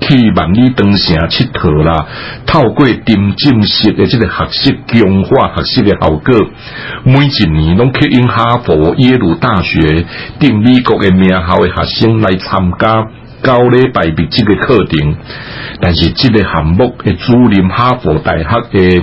去萬里長城佚佗啦，透過訂正式嘅呢個學習強化學習嘅效果，每一年都吸引哈佛、耶魯大學、訂美國嘅名校嘅學生來參加高麗排別節嘅課程，但是呢個項目係主任哈佛大學嘅。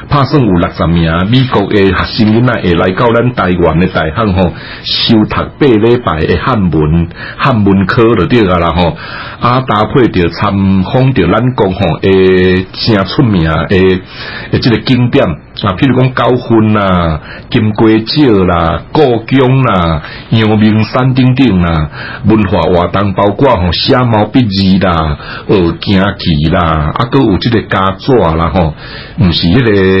拍算有六十名美國誒學生囡仔會來到咱台灣嘅大學吼修讀八禮拜嘅漢文，漢文科就對啦、哦，吼啊搭配着參訪着咱國吼誒正出名的，誒誒即係景點，啊譬如講九份啦、金瓜石啦、故宮啦、啊、陽、啊、明山頂頂啦、啊，文化活動包括吼寫毛筆字啦、學京劇啦，啊佫有即個家作啦、啊，吼、啊、毋是一、那個。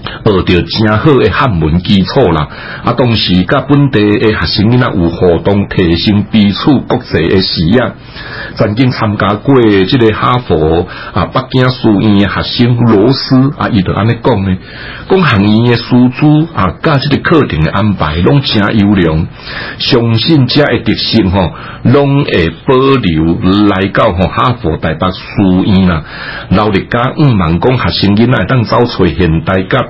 學到真好嘅漢文基礎啦，啊，同時甲本地嘅學生囡仔有互動提升，彼此國際嘅視野。曾經參加過即個哈佛啊、北京書院學生、老師啊，伊都安尼講呢。講學院嘅師資啊，甲即個課程嘅安排，攏真優良。相信這一定性吼，攏會保留來到學哈佛台北書院啊，努力加五萬講學生囡仔，當找出現代家。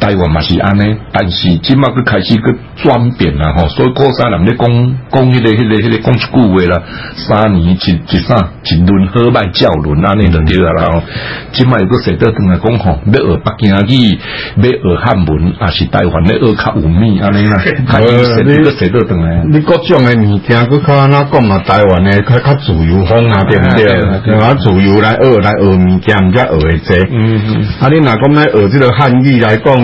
台灣嘛是安尼，但是只麥佢開始佢轉變啦，吼，所以古早人咧講講迄個迄個迄個講一句話啦，三年一一三一輪好賣，後輪啊，你都啊啦，哦，只麥都說倒轉來講吼，要學北京話，要學漢文，阿是台灣咧學較有咩？安尼啦，你寫說倒轉來你各種誒物件佢睇下，嗱講下台灣誒較較自由風啊，對唔對？佢自由來學來學物件毋則學會多，嗯嗯，嗯，啊你若講欲學即個漢語來講。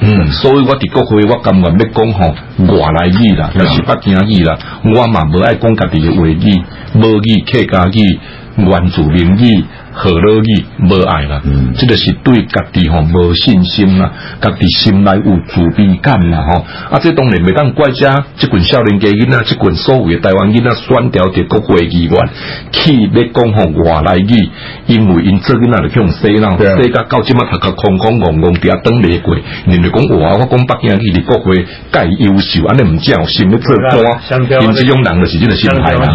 嗯，所以我哋國會我，我根本要講吼外來語啦，又、嗯、是北京語啦，我嘛唔愛講家己嘅話語，無語客家語，原住民語。好樂意無愛啦，即、嗯、係是對家己吼無、哦、信心啦，家己心內有自卑感啦，吼、哦。啊，即當然未當怪家，即群少年家囝仔，即群所謂的台灣囝仔選掉啲國會議員去欲講吼外來語，因為因做囝仔著去咁洗腦，洗甲、啊、到即滿頭殼空空怣怣佇遐等袂過，人著講話我講北京人佇國會甲伊優秀，安尼毋正有心都做官。因即種人著是真係心害啦。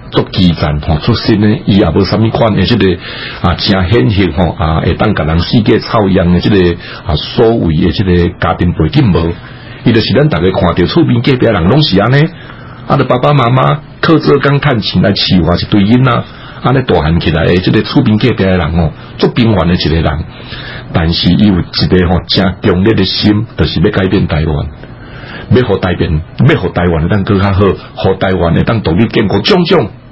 做基層吼出身咧，伊也無啥物款誒。即個啊誠現實啊，會當甲人世界超樣嘅即個啊所謂嘅即個家庭背景無伊著是咱逐個看着厝邊隔壁人攏是安尼啊著爸爸媽媽靠做工趁錢來飼娃，就對囝仔安尼大漢起來，即個厝邊隔壁誒人吼做兵員誒即個人，但是伊有一個吼誠強烈嘅心，著、就是要改變台灣，要互台灣，要互台灣，當擱較好互台灣，當獨立建國重重，種種。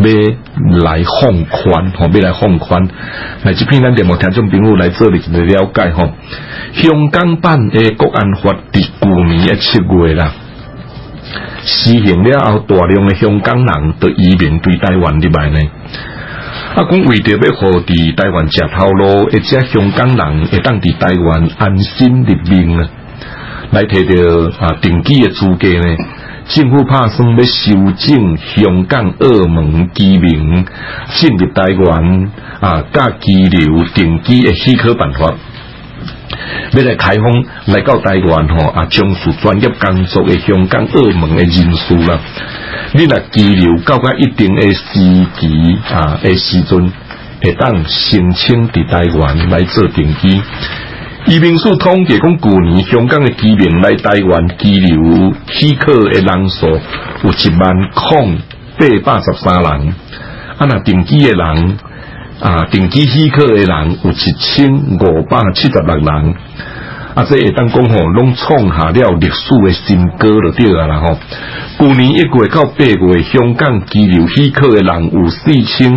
咪來放寬，咪、哦、來放寬。嚟，這篇咱節目聽眾朋友來這裏了解，哦、香港版嘅國安法第去年一七月啦，施行了後，大量嘅香港人移民對台灣啲埋呢。阿、啊、為咗要和台灣接頭，香港人會當台灣安心立命啊，嚟提到啊，定居嘅資格呢？政府拍算要修正香港、澳門居民進入台灣啊，加居留定居嘅許可辦法。要嚟開放來到台灣嗬，啊，從事專業工作嘅香港、澳門嘅人士啦，你若居留到到一定嘅時期啊嘅時陣，會當申請入台灣來做定居。移民署統計講，舊年香港嘅居民來台灣居留、許可嘅人數有一萬零八百十三人。啊，那定居嘅人啊，定居許可嘅人有一千五百七十六人。啊，這會當講吼，攏創下了歷史嘅新高就對了，對啊啦吼。舊年一月到八月，香港居留許可嘅人有四千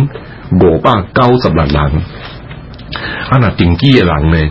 五百九十六人。啊，那定居嘅人呢？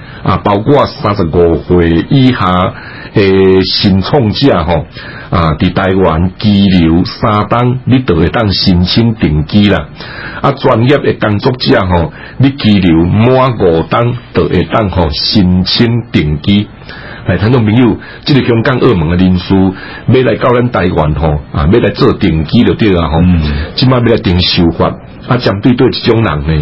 啊，包括三十五歲以下嘅新創者吼啊，佇台灣拘留三單，你就會當申請定居啦。啊，專業嘅工作者吼，你拘留滿五單，就會當吼申請定居。來，聽眾朋友，即、這個香港澳門嘅人士，要來到咱台灣吼啊，要來做定居就對啦，吼、嗯，即係咪來定修法？啊，針對對呢種人咧。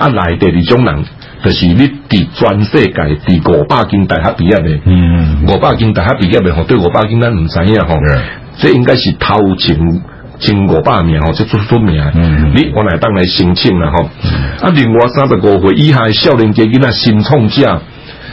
啊內地啲種人，就是你佇全世界佇五百斤大學畢業的，五百斤大學畢業的吼，對五百斤咱毋知影吼，即、嗯、應該是頭前前五百名，即出出名，前前名、嗯。你我來當來申請啦！吼、嗯。啊另外三十五歲以下的少年家囡仔新創將。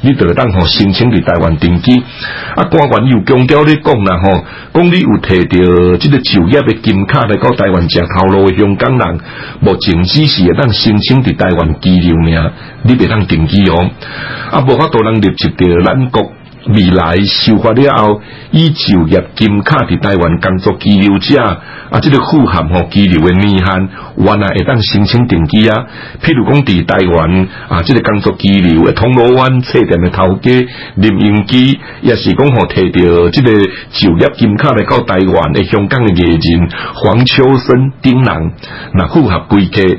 你得等嗬申請去台灣定居，啊官員又強調你講啦，講你有摕到即個就業嘅金卡來到台灣食頭路嘅香港人，無情支持，等申請去台灣居留名。你咪得定居哦，啊無法度入接住咱國。未來收化了後，以就業金卡嘅台灣工作居留者，啊，即、這個符合和居留嘅年限，我哋會當申請定居啊。譬如講佇台灣，啊，即、這個工作居留嘅銅鑼灣書店嘅頭家林榮基，也是講好提着即個就業金卡嚟到台灣嘅香港嘅藝人黃秋生等人，若符合規格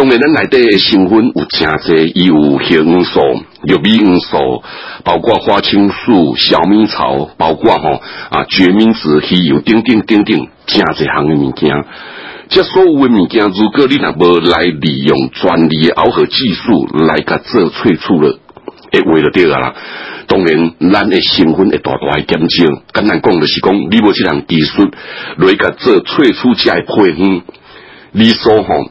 當然我的，咱內底成分有真儕，有維生素，有米生素，包括花青素、小米草，包括吼、哦、啊決明子，還有等等等等真儕項嘅物件。即所有嘅物件，如果你若無來利用專利嘅熬合技術來甲做萃取了，會為了掉啦。當然，咱嘅成分會大大嘅減少。簡單講就是講，你要即項技術來甲做萃取，即係配。空。你所講、哦。